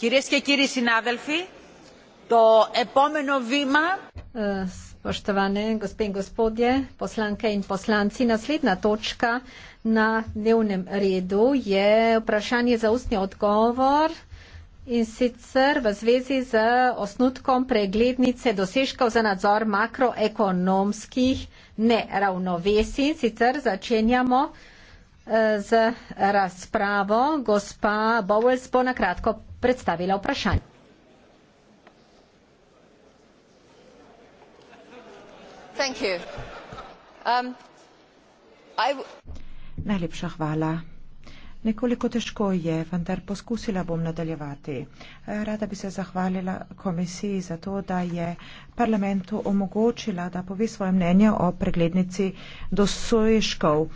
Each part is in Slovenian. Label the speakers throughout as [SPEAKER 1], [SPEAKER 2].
[SPEAKER 1] Κυρίες και κύριοι συνάδελφοι, το επόμενο βήμα...
[SPEAKER 2] Spoštovane gospe in gospodje, poslanke in poslanci, naslednja točka na dnevnem redu je vprašanje za ustni odgovor in sicer v zvezi z osnutkom preglednice dosežkov za nadzor makroekonomskih neravnovesij. Sicer začenjamo eh, z razpravo. Gospa Bowles bo na kratko predstavila vprašanje.
[SPEAKER 3] Um,
[SPEAKER 1] Najlepša hvala. Nekoliko težko je, vendar poskusila bom nadaljevati. Rada bi se zahvalila komisiji za to, da je parlamentu omogočila, da pove svoje mnenje o preglednici dosojškov.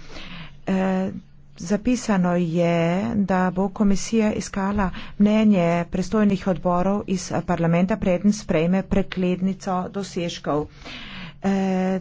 [SPEAKER 1] Eh, Zapisano je, da bo komisija iskala mnenje prestojnih odborov iz parlamenta, preden sprejme preklednico dosežkov. E,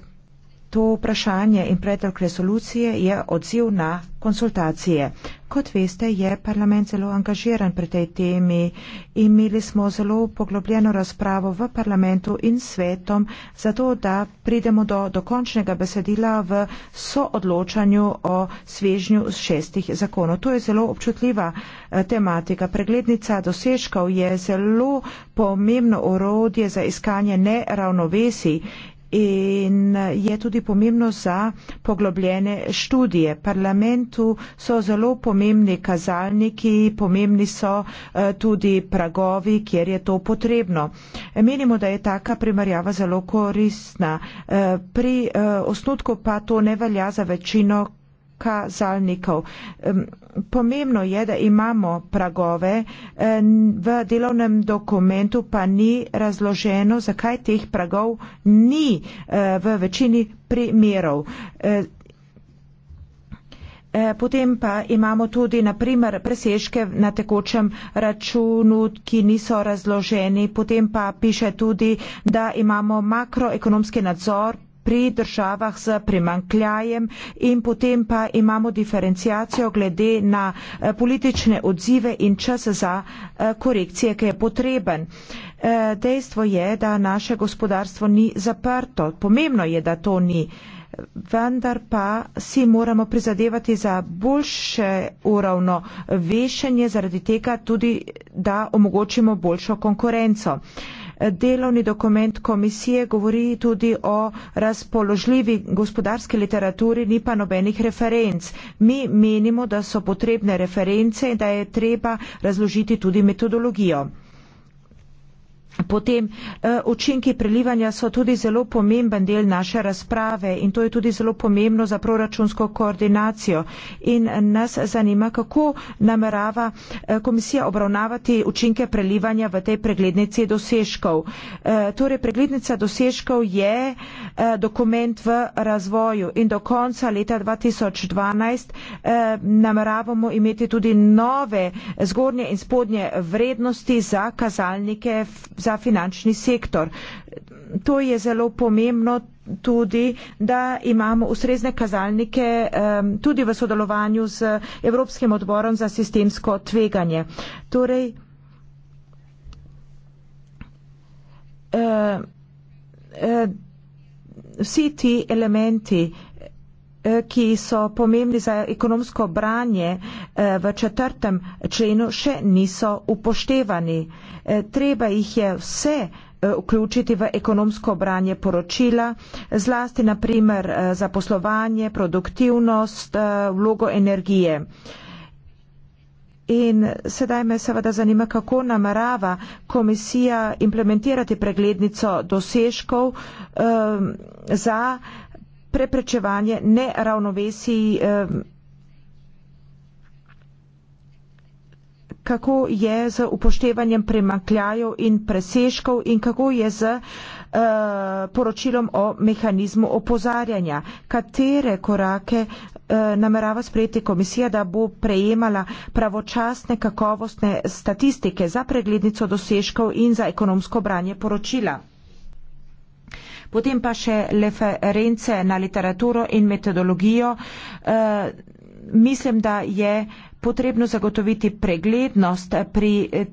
[SPEAKER 1] To vprašanje in predlog resolucije je odziv na konsultacije. Kot veste, je parlament zelo angažiran pri tej temi. Imeli smo zelo poglobljeno razpravo v parlamentu in svetom, zato da pridemo do dokončnega besedila v soodločanju o svežnju šestih zakonov. To je zelo občutljiva eh, tematika. Preglednica dosežkov je zelo pomembno orodje za iskanje neravnovesij in je tudi pomembno za poglobljene študije. Parlamentu so zelo pomembni kazalniki, pomembni so eh, tudi pragovi, kjer je to potrebno. Menimo, da je taka primarjava zelo koristna. Eh, pri eh, osnutku pa to ne velja za večino kazalnikov. Pomembno je, da imamo pragove, v delovnem dokumentu pa ni razloženo, zakaj teh pragov ni e, v večini primerov. E, e, potem pa imamo tudi naprimer presežke na tekočem računu, ki niso razloženi. Potem pa piše tudi, da imamo makroekonomski nadzor pri državah z primankljajem in potem pa imamo diferencijacijo glede na eh, politične odzive in čas za eh, korekcije, ki je potreben. Eh, dejstvo je, da naše gospodarstvo ni zaprto. Pomembno je, da to ni. Vendar pa si moramo prizadevati za boljše uravno vešanje, zaradi tega tudi, da omogočimo boljšo konkurenco. Delovni dokument komisije govori tudi o razpoložljivi gospodarski literaturi, ni pa nobenih referenc. Mi menimo, da so potrebne reference in da je treba razložiti tudi metodologijo. Potem eh, učinki prelivanja so tudi zelo pomemben del naše razprave in to je tudi zelo pomembno za proračunsko koordinacijo. In eh, nas zanima, kako namerava eh, komisija obravnavati učinke prelivanja v tej preglednici dosežkov. Torej, preglednica dosežkov je dokument v razvoju in do konca leta 2012 nameravamo imeti tudi nove zgornje in spodnje vrednosti za kazalnike, za finančni sektor. To je zelo pomembno tudi, da imamo ustrezne kazalnike tudi v sodelovanju z Evropskim odborom za sistemsko tveganje. Torej, vsi ti elementi Eh, ki so pomembni za ekonomsko branje eh, v četrtem členu, še niso upoštevani. Eh, treba jih je vse vključiti v ekonomsko branje poročila, zlasti naprimer za poslovanje, produktivnost, vlogo energije. In sedaj me seveda zanima, kako namerava komisija implementirati preglednico dosežkov um, za uh, preprečevanje neravnovesij, eh, kako je z upoštevanjem premakljajev in presežkov in kako je z eh, poročilom o mehanizmu opozarjanja. Katere korake eh, namerava sprejeti komisija, da bo prejemala pravočasne kakovostne statistike za preglednico dosežkov in za ekonomsko branje poročila? potem pa še reference na literaturo in metodologijo. Eh, mislim, da je potrebno zagotoviti preglednost pri eh,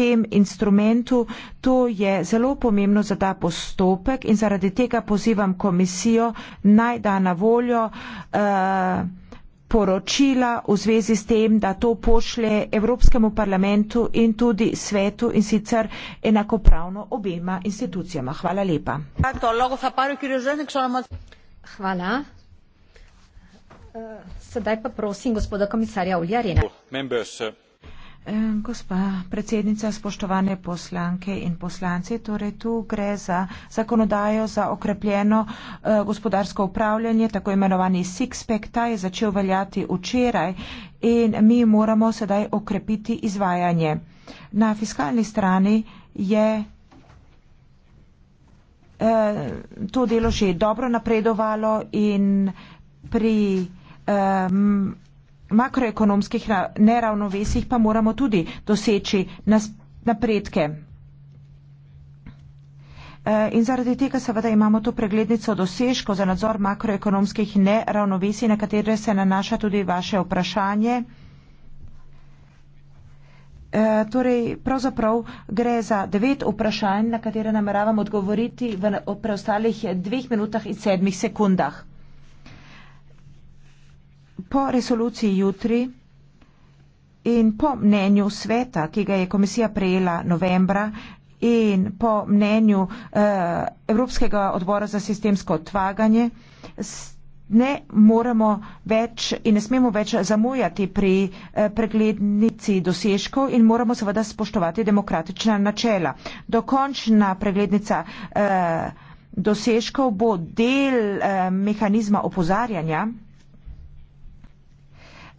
[SPEAKER 1] tem instrumentu. To je zelo pomembno za ta postopek in zaradi tega pozivam komisijo naj da na voljo uh, poročila v zvezi s tem, da to pošlje Evropskemu parlamentu in tudi svetu in sicer enakopravno obema institucijama. Hvala lepa.
[SPEAKER 2] Hvala. Eh, sedaj pa prosim gospoda komisarja Uljarina. Gospa
[SPEAKER 1] predsednica, spoštovane poslanke in poslanci, torej tu gre za zakonodajo za okrepljeno eh, gospodarsko upravljanje, tako imenovani six-pack, ta je začel veljati včeraj in mi moramo sedaj okrepiti izvajanje. Na fiskalni strani je eh, to delo že dobro napredovalo in pri um, makroekonomskih neravnovesjih pa moramo tudi doseči napredke. E, in zaradi tega seveda imamo to preglednico dosežko za nadzor makroekonomskih neravnovesij, na katere se nanaša tudi vaše vprašanje. E, torej, pravzaprav gre za devet vprašanj, na katere nameravam odgovoriti v preostalih dveh minutah in sedmih sekundah po resoluciji jutri in po mnenju sveta, ki ga je komisija prejela novembra in po mnenju eh, Evropskega odbora za sistemsko odvaganje, ne moremo več in ne smemo več zamujati pri eh, preglednici dosežkov in moramo seveda spoštovati demokratična načela. Dokončna preglednica eh, dosežkov bo del eh, mehanizma opozarjanja.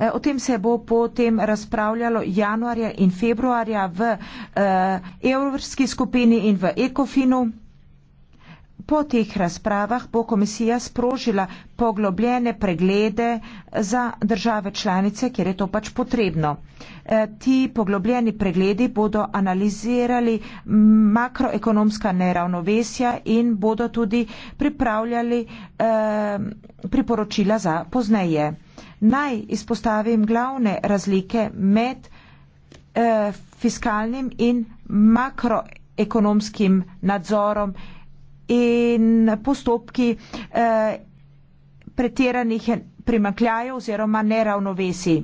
[SPEAKER 1] Eh, o tem se bo potem razpravljalo januarja in februarja v eh, Evropski skupini in v Ekofinu. Po teh razpravah bo komisija sprožila poglobljene preglede za države članice, kjer je to pač potrebno. E, ti poglobljeni pregledi bodo analizirali makroekonomska neravnovesja in bodo tudi pripravljali e, priporočila za pozneje. Naj izpostavim glavne razlike med eh, fiskalnim in makroekonomskim nadzorom in postopki eh, pretiranih primakljajev oziroma neravnovesij.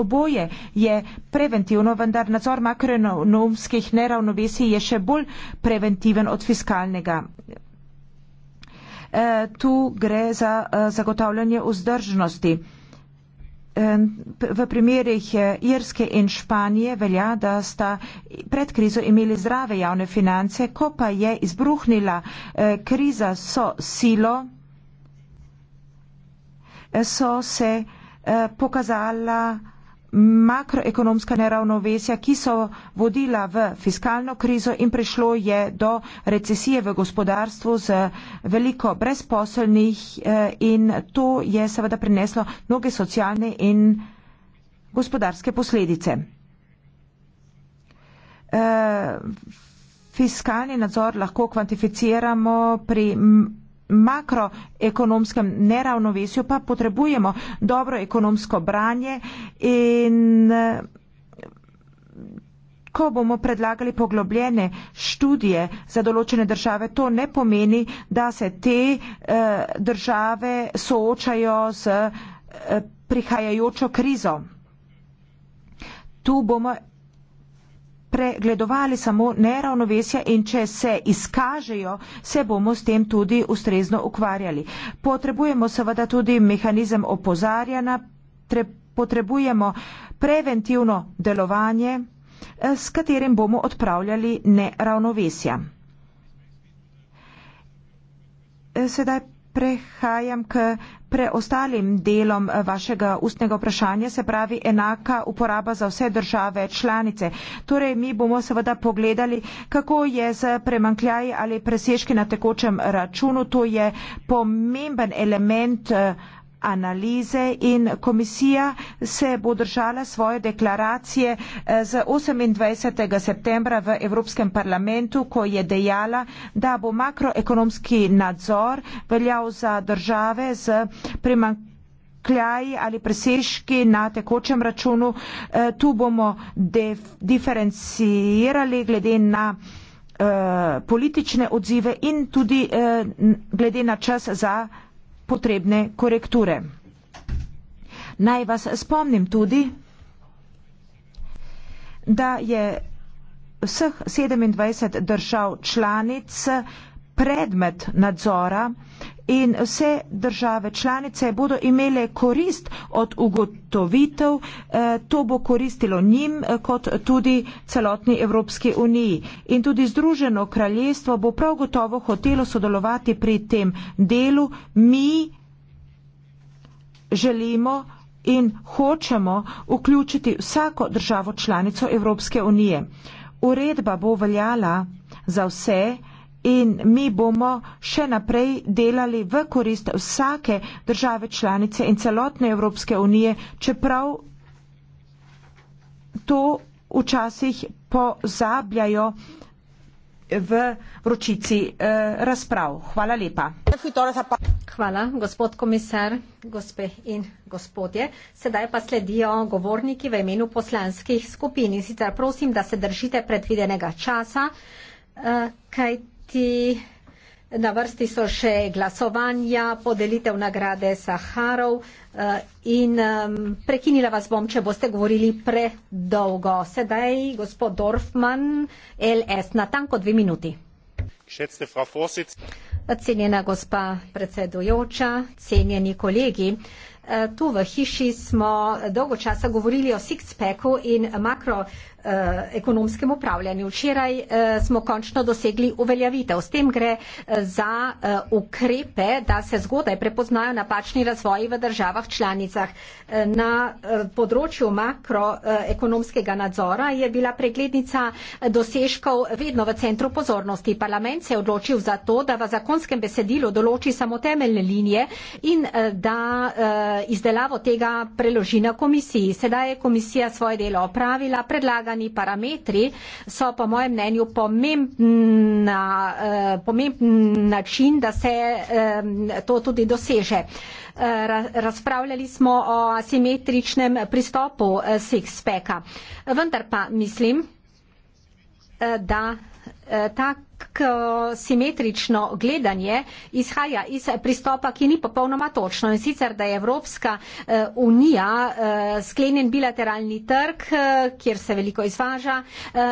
[SPEAKER 1] Oboje je preventivno, vendar nadzor makroekonomskih neravnovesij je še bolj preventiven od fiskalnega. E, tu gre za e, zagotavljanje vzdržnosti. E, v primerih eh, Irske in Španije velja, da sta pred krizo imeli zdrave javne finance, ko pa je izbruhnila eh, kriza so silo, eh, so se pokazala makroekonomska neravnovesja, ki so vodila v fiskalno krizo in prišlo je do recesije v gospodarstvu z veliko brezposelnih eh, in to je seveda prineslo mnoge socialne in gospodarske posledice. Eh, fiskalni nadzor lahko kvantificiramo pri makroekonomskem neravnovesju pa potrebujemo dobro ekonomsko branje in eh, ko bomo predlagali poglobljene študije za določene države, to ne pomeni, da se te eh, države soočajo z eh, prihajajočo krizo. Tu bomo pregledovali samo neravnovesja in če se izkažejo, se bomo s tem tudi ustrezno ukvarjali. Potrebujemo seveda tudi mehanizem opozarjanja, potrebujemo preventivno delovanje, eh, s katerim bomo odpravljali neravnovesja. Eh, sedaj Prehajam k preostalim delom eh, vašega ustnega vprašanja, se pravi enaka uporaba za vse države članice. Torej, mi bomo seveda pogledali, kako je z premankljaji ali presežki na tekočem računu. To je pomemben element eh, analize in komisija se bo držala svoje deklaracije eh, z 28. septembra v Evropskem parlamentu, ko je dejala, da bo makroekonomski nadzor veljal za države z primankljivostjo kljaji ali presežki na tekočem računu. Eh, tu bomo diferencirali glede na uh, politične odzive in tudi uh, glede na čas za potrebne korekture. Naj vas spomnim tudi, da je vseh 27 držav članic predmet nadzora uh, in vse države članice bodo imele korist od ugotovitev, eh, to bo koristilo njim eh, kot tudi celotni Evropski uniji. In tudi Združeno kraljestvo bo prav gotovo hotelo sodelovati pri tem delu. Mi želimo in hočemo vključiti vsako državo članico Evropske unije. Uredba bo veljala za vse, in mi bomo še naprej delali v korist vsake države članice in celotne Evropske unije, čeprav to včasih pozabljajo v vročici eh, razprav. Hvala
[SPEAKER 2] lepa. Hvala, gospod komisar, gospe in gospodje. Sedaj pa sledijo govorniki v imenu poslanskih skupin. Sicer prosim, da se držite predvidenega časa, eh, kaj vrsti, na vrsti so še glasovanja, podelitev nagrade Saharov eh, in prekinila vas bom, če boste govorili predolgo. Sedaj gospod Dorfman, LS, natanko dve minuti. Cenjena gospa predsedujoča, cenjeni kolegi. Eh, tu v hiši smo dolgo časa govorili o six-packu in makro uh, Eh, ekonomskem upravljanju. Včeraj eh, smo končno dosegli uveljavitev. S tem gre eh, za ukrepe, da se zgodaj prepoznajo napačni razvoji v državah članicah. Na področju makroekonomskega nadzora je bila preglednica dosežkov vedno v centru pozornosti. Parlament se je odločil za to, da v zakonskem besedilu določi samo temeljne linije in da izdelavo tega preloži na komisiji. Sedaj je komisija svoje delo opravila, predlaga predlagani parametri so po mojem mnenju pomembna, eh, pomemben način, da se eh, to tudi doseže. Eh, razpravljali smo o asimetričnem pristopu eh, Sixpacka. Vendar pa mislim, eh, da tako simetrično gledanje izhaja iz pristopa, ki ni popolnoma točno. In sicer, da je Evropska eh, unija eh, sklenjen bilateralni trg, eh, kjer se veliko izvaža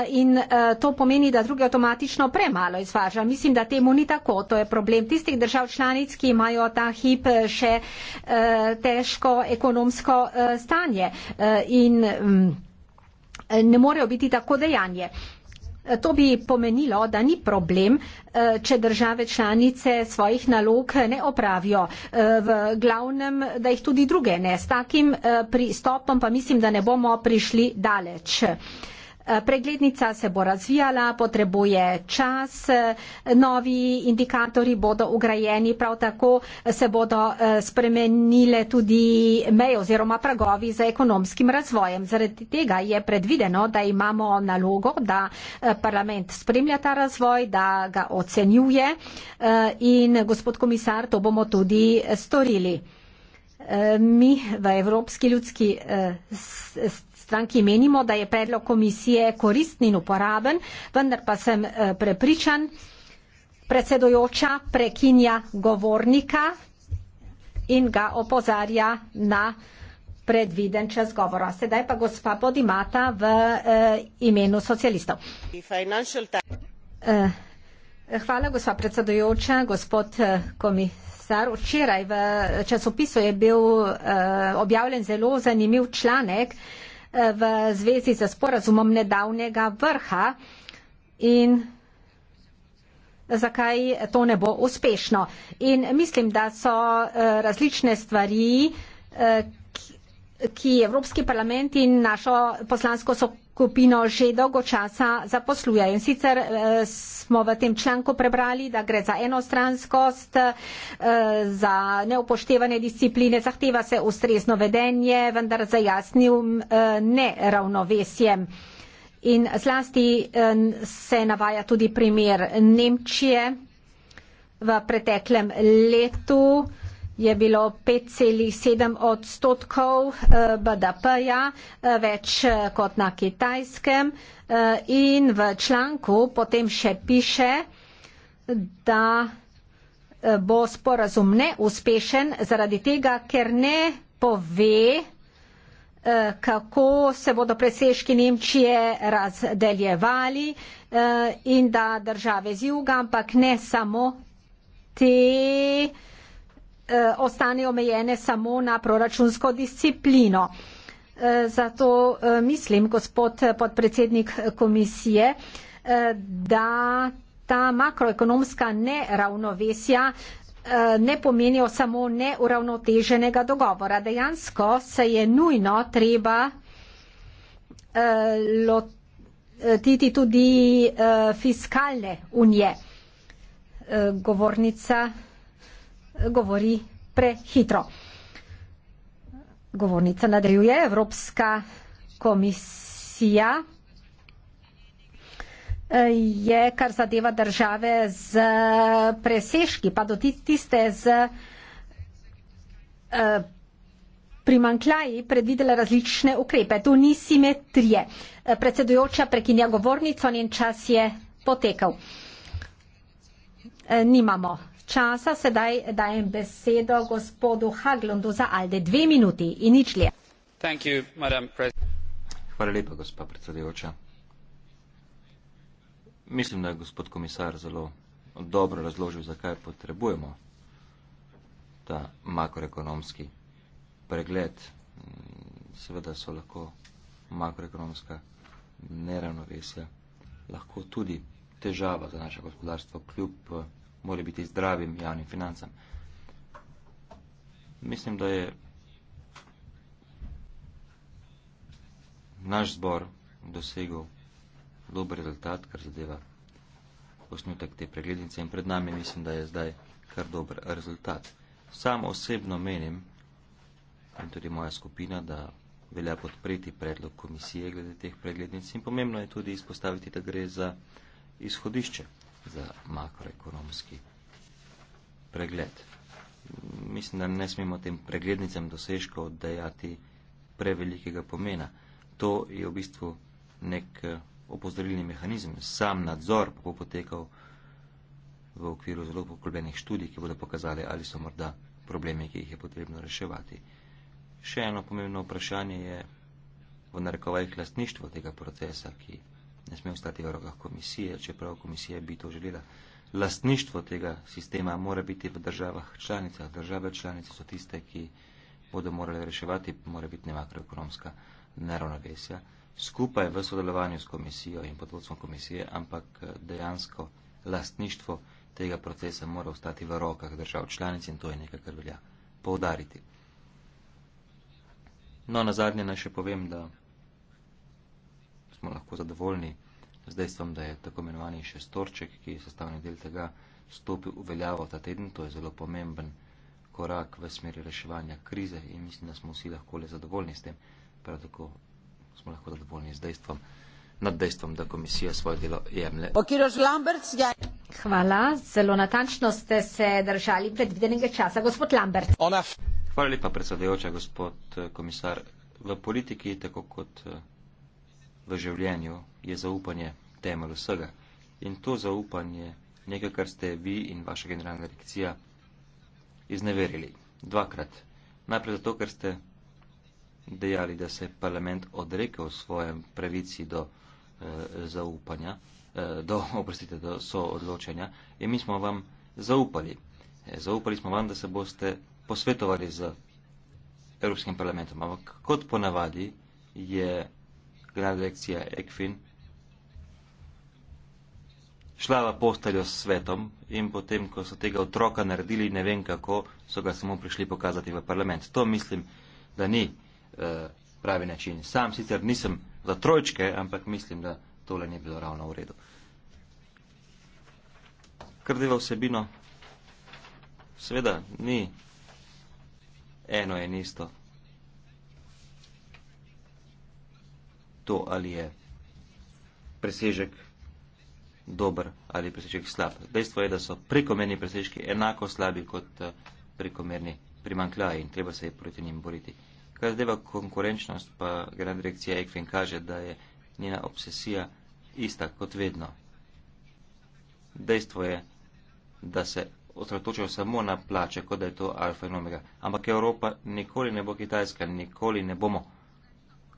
[SPEAKER 2] in to pomeni, da druge avtomatično premalo izvaža. Mislim, da temu ni tako. To je problem tistih držav članic, ki imajo ta hip še težko ekonomsko stanje in mm, ne morejo biti tako dejanje. Eh, to bi pomenilo, da ni problem, eh, če države članice svojih nalog eh, ne opravijo. V glavnem, da jih tudi druge ne. S takim pristopom pa mislim, da ne bomo prišli daleč preglednica se bo razvijala, potrebuje čas, novi indikatorji bodo ugrajeni, prav tako se bodo eh, spremenile tudi meje oziroma pragovi za ekonomskim razvojem. Zaradi tega je predvideno, da imamo nalogo, da eh, parlament spremlja ta razvoj, da ga ocenjuje eh, in gospod komisar, to bomo tudi storili. Mi v Evropski ljudski stranki stranki menimo, da je predlog komisije koristen in uporaben, vendar pa sem eh, prepričan, predsedojoča prekinja govornika in ga opozarja na predviden čas govora. Sedaj pa gospa Podimata v e, imenu socialistov.
[SPEAKER 4] Eh,
[SPEAKER 2] hvala, gospa predsedujoča, gospod komisar. Včeraj v časopisu je bil e, objavljen zelo zanimiv članek, v zvezi z sporazumom nedavnega vrha in zakaj to ne bo uspešno. In mislim, da so eh, različne stvari, eh, ki Evropski parlament in našo poslansko skupino že dolgo časa zaposluje. In sicer eh, smo v tem članku prebrali, da gre za enostranskost, eh, za neupoštevanje discipline, zahteva se ustrezno vedenje, vendar za jasnim eh, neravnovesjem. In zlasti se navaja tudi primer Nemčije v preteklem letu je bilo 5,7 odstotkov eh, BDP-ja eh, več eh, kot na kitajskem in v članku potem še piše, da bo sporazum neuspešen zaradi tega, ker ne pove, kako se bodo presežki Nemčije razdeljevali in da države z juga, ampak ne samo te uh, Eh, ostane omejene samo na proračunsko disciplino. Eh, zato eh, mislim, gospod podpredsednik komisije, da ta makroekonomska neravnovesja ne pomenijo samo neuravnoteženega dogovora. Dejansko se je nujno treba lotiti tudi fiskalne unije. Govornica govori prehitro. Govornica nadaljuje Evropska komisija eh, je, kar zadeva države z presežki, pa do tiste z eh, primankljaji predvidela različne ukrepe. Tu ni simetrije. Eh, predsedujoča prekinja govornico, njen čas je potekal. Nimamo časa. Sedaj dajem besedo gospodu Haglundu za alde dve minuti in nič le.
[SPEAKER 3] Hvala lepa, gospa predsedujoča. Mislim, da je gospod komisar zelo dobro razložil, zakaj potrebujemo ta makroekonomski pregled. Seveda so lahko makroekonomska neravnovesja lahko tudi težava za naše gospodarstvo, kljub mora biti zdravim javnim financam. Mislim, da je naš zbor dosegel dober rezultat, kar zadeva osnutek te preglednice in pred nami mislim, da je zdaj kar dober rezultat. Sam osebno menim in tudi moja skupina, da velja podpreti predlog komisije glede teh preglednic in pomembno je tudi izpostaviti, da gre za izhodišče za makroekonomski pregled. Mislim, da ne smemo tem preglednicam dosežkov dajati prevelikega pomena. To je v bistvu nek eh, opozorilni mehanizem. Sam nadzor bo potekal v okviru zelo poklobenih študij, ki bodo pokazali, ali so morda problemi, ki jih je potrebno reševati. Še eno pomembno vprašanje je v narekovajih lastništvo tega procesa, ki ne sme ostati v rokah komisije, čeprav komisija bi to želela. Lastništvo tega sistema mora biti v državah članicah. Države članice so tiste, ki bodo morali reševati, mora biti makroekonomska neravnovesja, skupaj v sodelovanju s komisijo in pod vodstvom komisije, ampak eh, dejansko lastništvo tega procesa mora ostati v rokah držav članic in to je nekaj, kar velja poudariti. No, na zadnje naj še povem, da smo lahko zadovoljni z dejstvom, da je tako imenovani šestorček, ki je sestavni del tega, stopil v veljavo ta teden. To je zelo pomemben korak v smeri reševanja krize in mislim, da smo vsi lahko le zadovoljni s tem. Prav tako smo lahko zadovoljni z dejstvom, nad dejstvom, da komisija svoje delo jemlje.
[SPEAKER 2] Ja. Hvala, zelo natančno ste se držali predvidenega časa, gospod Lambert. Hvala
[SPEAKER 3] lepa, predsedujoča, gospod eh, komisar. V politiki, tako kot eh, v življenju je zaupanje temelj vsega. In to zaupanje nekaj, kar ste vi in vaša generalna direkcija izneverili. Dvakrat. Najprej zato, ker ste dejali, da se je parlament odrekel svojem pravici do e, zaupanja, e, do, oprostite, do soodločanja in mi smo vam zaupali. E, zaupali smo vam, da se boste posvetovali z Evropskim parlamentom. Ampak kot ponavadi je galaksija Ekfin, šla v posteljo s svetom in potem, ko so tega otroka naredili, ne vem kako, so ga samo prišli pokazati v parlament. To mislim, da ni eh, pravi način. Sam sicer nisem za trojčke, ampak mislim, da tole ni bilo ravno v redu. Kar deva vsebino, seveda ni eno in isto. to, ali je presežek dober ali presežek slab. Dejstvo je, da so prekomerni presežki enako slabi kot eh, prekomerni primankljaji in treba se je proti njim boriti. Kar zadeva konkurenčnost, pa generalna direkcija ECFIN kaže, da je njena obsesija ista kot vedno. Dejstvo je, da se osredotočajo samo na plače, kot da je to alfa in omega. Ampak Evropa nikoli ne bo Kitajska, nikoli ne bomo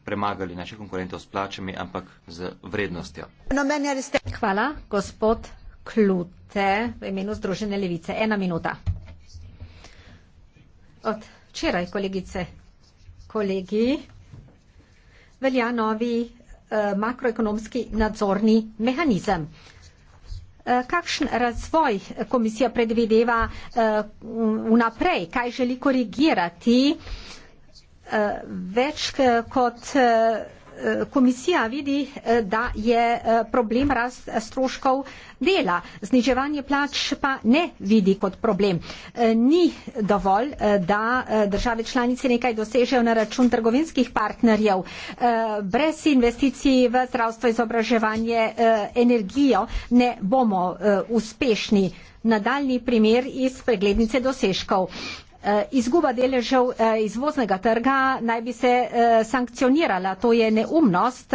[SPEAKER 3] premagali naših konkurentov s plačami, ampak z vrednostjo.
[SPEAKER 2] Hvala, gospod Klute, v imenu Združene levice. Ena minuta. Od včeraj, kolegice, kolegi, velja novi eh, makroekonomski nadzorni mehanizem. Eh, kakšen razvoj komisija predvideva uh, vnaprej, kaj želi korigirati uh, več kot eh, komisija vidi, eh, da je eh, problem rast stroškov dela. Zniževanje plač pa ne vidi kot problem. Ni dovolj, da države članice nekaj dosežejo na račun trgovinskih partnerjev. Brez investicij v zdravstvo, izobraževanje, energijo ne bomo uspešni. Nadaljni primer iz preglednice dosežkov. Eh, izguba deležev eh, izvoznega trga naj bi se eh, sankcionirala, to je neumnost,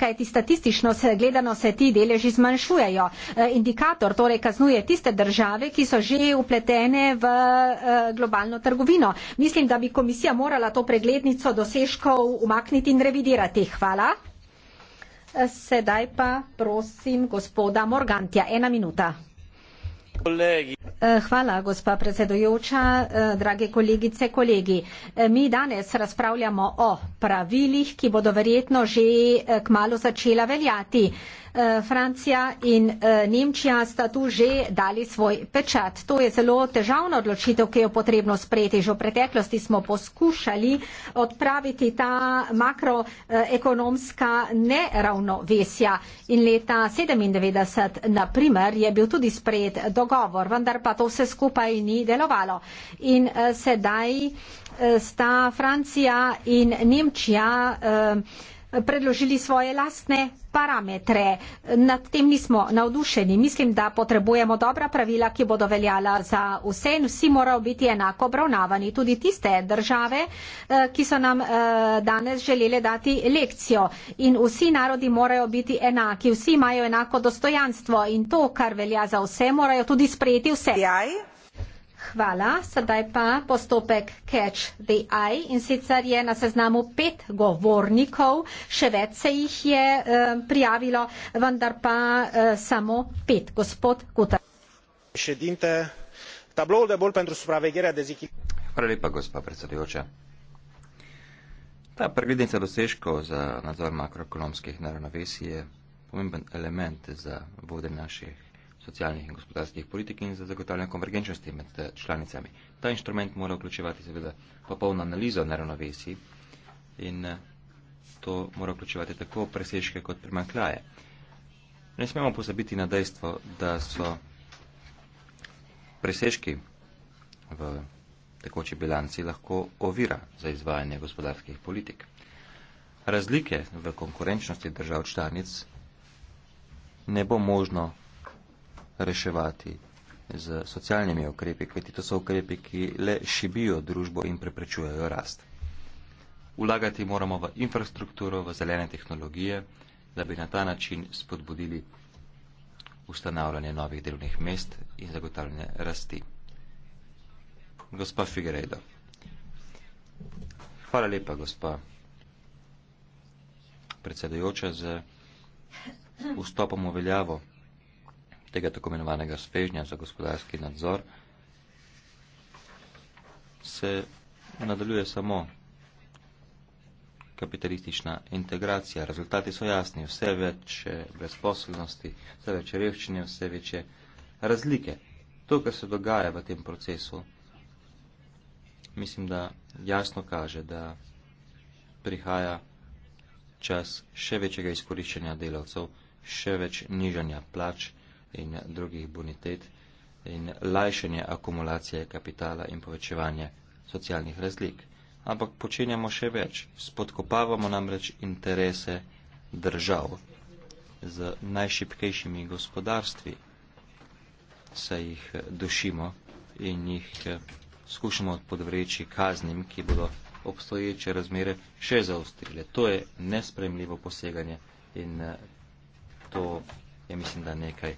[SPEAKER 2] kajti statistično se gledano se ti deleži zmanjšujejo. Indikator torej kaznuje tiste države, ki so že upletene v globalno trgovino. Mislim, da bi komisija morala to preglednico dosežkov umakniti in revidirati. Hvala. Sedaj pa prosim gospoda Morgantja, ena minuta. Eh, hvala, gospa predsedujoča, eh, drage kolegice, kolegi. Eh, mi danes razpravljamo o pravilih, ki bodo verjetno že kmalo začela veljati. Francija in Nemčija sta tu že dali svoj pečat. To je zelo težavna odločitev, ki jo potrebno sprejeti. Že v preteklosti smo poskušali odpraviti ta makroekonomska neravnovesja. In leta 1997, naprimer, je bil tudi sprejet dogovor dogovor, vendar pa to vse skupaj ni delovalo. In eh, sedaj eh, sta Francija in Nemčija. Uh, predložili svoje lastne parametre. Nad tem nismo navdušeni. Mislim, da potrebujemo dobra pravila, ki bodo veljala za vse in vsi morajo biti enako obravnavani. Tudi tiste države, eh, ki so nam eh, danes želele dati lekcijo. In vsi narodi morajo biti enaki, vsi imajo enako dostojanstvo in to, kar velja za vse, morajo tudi sprejeti vse. Jaj hvala. Sedaj pa postopek Catch the Eye in sicer je na seznamu pet govornikov, še več se jih je eh, prijavilo, vendar pa eh, samo pet. Gospod Kutar. Šedinte, tablo je
[SPEAKER 3] bolj pentru supravegerja deziki. Hvala lepa, gospa predsedujoča. Ta preglednica dosežkov za nadzor makroekonomskih naravnovesij je pomemben element za vodenje naših socialnih in gospodarskih politik in za zagotavljanje konvergenčnosti med eh, članicami. Ta inštrument mora vključevati seveda popolno analizo neravnovesij in eh, to mora vključevati tako presežke kot primankljaje. Ne smemo pozabiti na dejstvo, da so presežki v tekoči bilanci lahko ovira za izvajanje gospodarskih politik. Razlike v konkurenčnosti držav članic ne bo možno reševati z socialnimi ukrepi, kajti to so ukrepi, ki le šibijo družbo in preprečujejo rast. Ulagati moramo v infrastrukturo, v zelene tehnologije, da bi na ta način spodbudili ustanavljanje novih delovnih mest in zagotavljanje rasti. Gospa Figueiredo. Hvala lepa, gospa predsedujoča, z vstopom v veljavo tega tako imenovanega svežnja za gospodarski nadzor, se nadaljuje samo kapitalistična integracija. Rezultati so jasni, vse več brezposobnosti, vse več revščine, vse večje razlike. To, kar se dogaja v tem procesu, mislim, da jasno kaže, da prihaja čas še večjega izkoriščanja delavcev, še več nižanja plač, in drugih bonitet in lajšanje akumulacije kapitala in povečevanje socialnih razlik. Ampak počenjamo še več. Spodkopavamo namreč interese držav z najšipkejšimi gospodarstvi, se jih eh, dušimo in jih eh, skušamo podvreči kaznim, ki bodo obstoječe razmere še zaostrile. To je nespremljivo poseganje in eh, to je mislim, da nekaj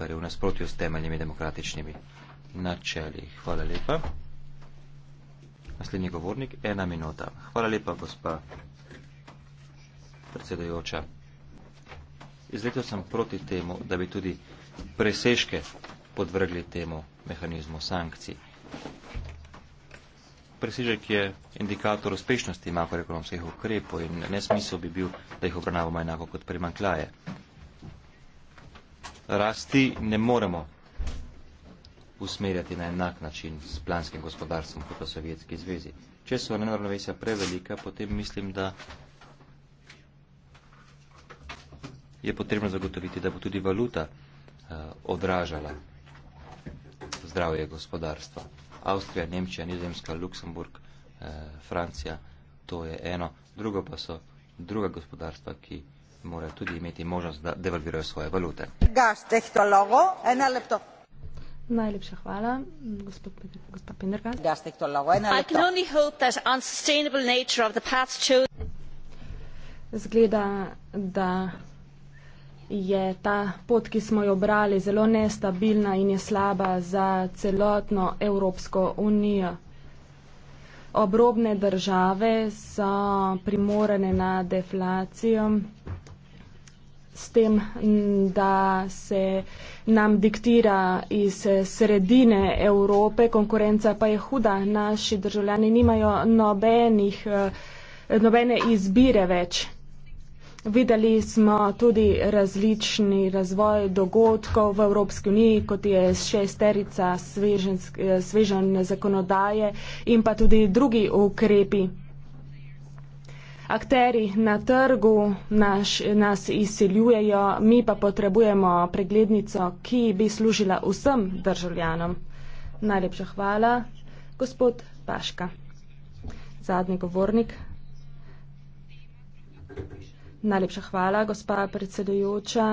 [SPEAKER 3] kar je v nasprotju s temeljnimi demokratičnimi načeli. Hvala lepa. Naslednji govornik, ena minuta. Hvala lepa, gospa predsedojoča. Izletel sem proti temu, da bi tudi presežke podvrgli temu mehanizmu sankcij. Presežek je indikator uspešnosti makroekonomskih ukrepov in nesmisel bi bil, da jih obravnavamo enako kot primankljaje rasti ne moremo usmerjati na enak način s planskim gospodarstvom kot v Sovjetski zvezi. Če so neravnovesja prevelika, potem mislim, da je potrebno zagotoviti, da bo tudi valuta uh, odražala zdravje gospodarstva. Avstrija, Nemčija, Nizemska, Luksemburg, eh, Francija, to je eno. Drugo pa so druga gospodarstva, ki morajo tudi imeti možnost, da devalvirajo svoje valute.
[SPEAKER 1] Gaš tehnologo, ena lepto.
[SPEAKER 4] Najlepša hvala, gospod Pendergast. Gaš tehnologo, ena lepto. I can
[SPEAKER 2] only hope that unsustainable nature of the past chosen.
[SPEAKER 4] Zgleda, da je ta pot, ki smo jo obrali, zelo nestabilna in je slaba za celotno Evropsko unijo. Obrobne države so primorene na deflacijo s tem, da se nam diktira iz sredine Evrope, konkurenca pa je huda, naši državljani nimajo nobenih, eh, nobene izbire več. Videli smo tudi različni razvoj dogodkov v Evropski uniji, kot je šesterica svežen, svežen zakonodaje in pa tudi drugi ukrepi akteri na trgu naš, nas izseljujejo, mi pa potrebujemo preglednico, ki bi služila vsem državljanom. Najlepša hvala, gospod Paška. Zadnji govornik. Najlepša hvala, gospa predsedujoča.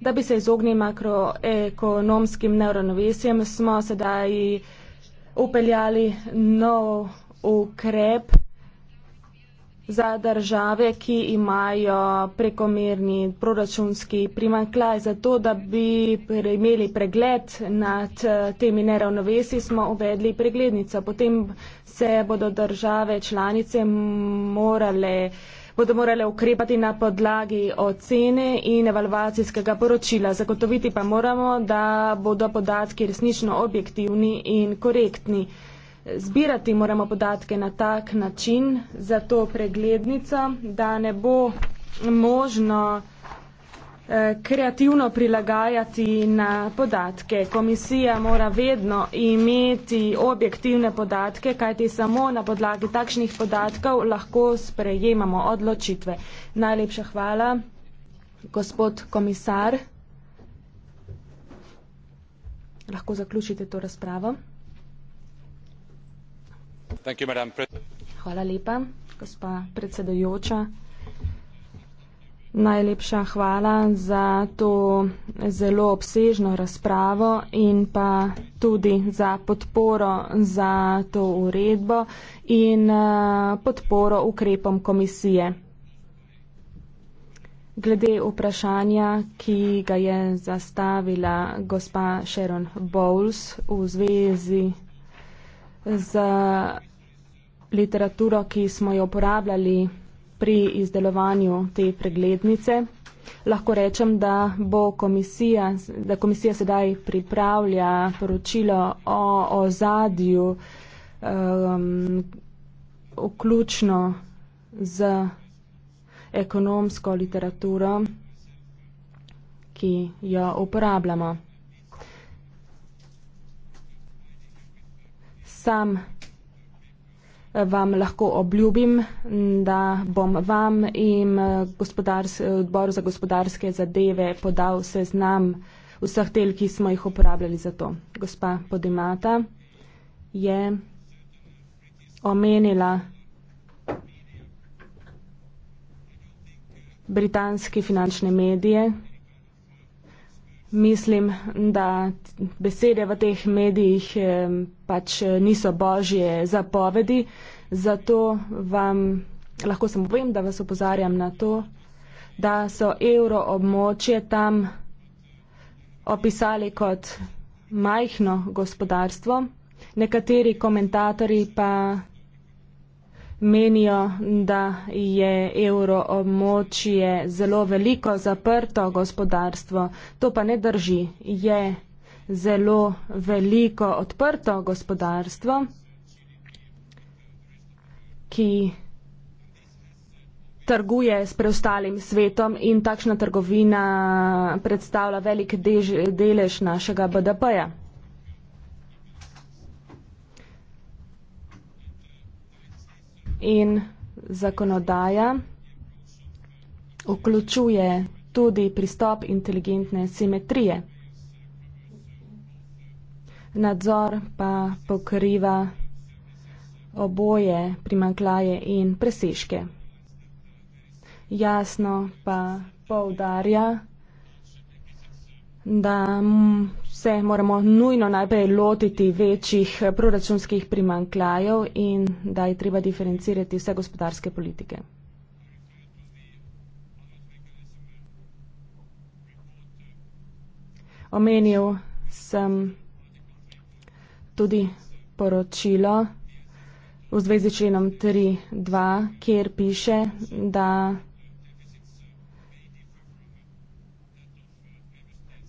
[SPEAKER 4] Da bi se izognili makroekonomskim neuronovesjem, smo sedaj upeljali nov ukrep za države, ki imajo prekomerni proračunski primankljaj. Zato, da bi imeli pregled nad temi neravnovesi, smo uvedli preglednico. Potem se bodo države članice morale bodo morale ukrepati na podlagi ocene in evalvacijskega poročila. Zagotoviti pa moramo, da bodo podatki resnično objektivni in korektni zbirati moramo podatke na tak način za to preglednico, da ne bo možno eh, kreativno prilagajati na podatke. Komisija mora vedno imeti objektivne podatke, kajti samo na podlagi takšnih podatkov lahko sprejemamo odločitve. Najlepša hvala, gospod komisar. Lahko zaključite to razpravo.
[SPEAKER 3] Hvala
[SPEAKER 4] lepa, gospa predsedujoča. Najlepša hvala za to zelo obsežno razpravo in pa tudi za podporo za to uredbo in eh, podporo ukrepom komisije. Glede vprašanja, ki ga je zastavila gospa Sharon Bowles v zvezi z literaturo, ki smo jo uporabljali pri izdelovanju te preglednice. Lahko rečem, da, bo komisija, da komisija sedaj pripravlja poročilo o ozadju, um, vključno z ekonomsko literaturo, ki jo uporabljamo. Sam vam lahko obljubim, da bom vam in eh, odboru za gospodarske zadeve podal seznam vseh del, ki smo jih uporabljali za to. Gospa Podimata je omenila britanske finančne medije. Mislim, da besede v teh medijih eh, pač eh, niso božje zapovedi, zato vam lahko samo povem, da vas opozarjam na to, da so evro območje tam opisali kot majhno gospodarstvo, nekateri komentatorji pa menijo, da je evro območje zelo veliko zaprto gospodarstvo. To pa ne drži. Je zelo veliko odprto gospodarstvo, ki trguje s preostalim svetom in takšna trgovina predstavlja velik dež, delež našega BDP-ja. in zakonodaja vključuje tudi pristop inteligentne simetrije. Nadzor pa pokriva oboje primanklaje in presežke. Jasno pa poudarja, da se moramo nujno najprej lotiti večjih proračunskih primankljajev in da je treba diferencirati vse gospodarske politike. Omenil sem tudi poročilo v zvezi s členom 3.2, kjer piše, da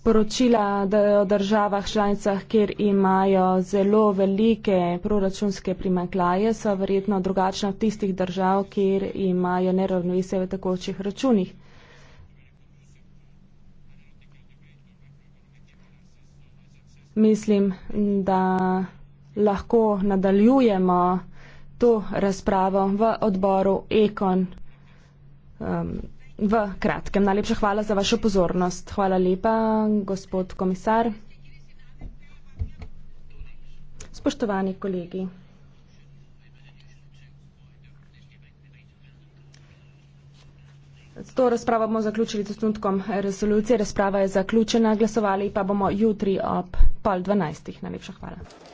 [SPEAKER 4] sporočila o državah članicah, kjer imajo zelo velike proračunske primanklaje, so verjetno drugačna od tistih držav, kjer imajo neravnovesje v takočih računih. Mislim, da lahko nadaljujemo to razpravo v odboru Ekon. Um, v kratkem. Najlepša hvala za vašo pozornost. Hvala lepa, gospod komisar. Spoštovani kolegi. To razpravo bomo zaključili z osnutkom resolucije. Razprava je zaključena. Glasovali pa bomo jutri ob pol dvanajstih. Najlepša hvala.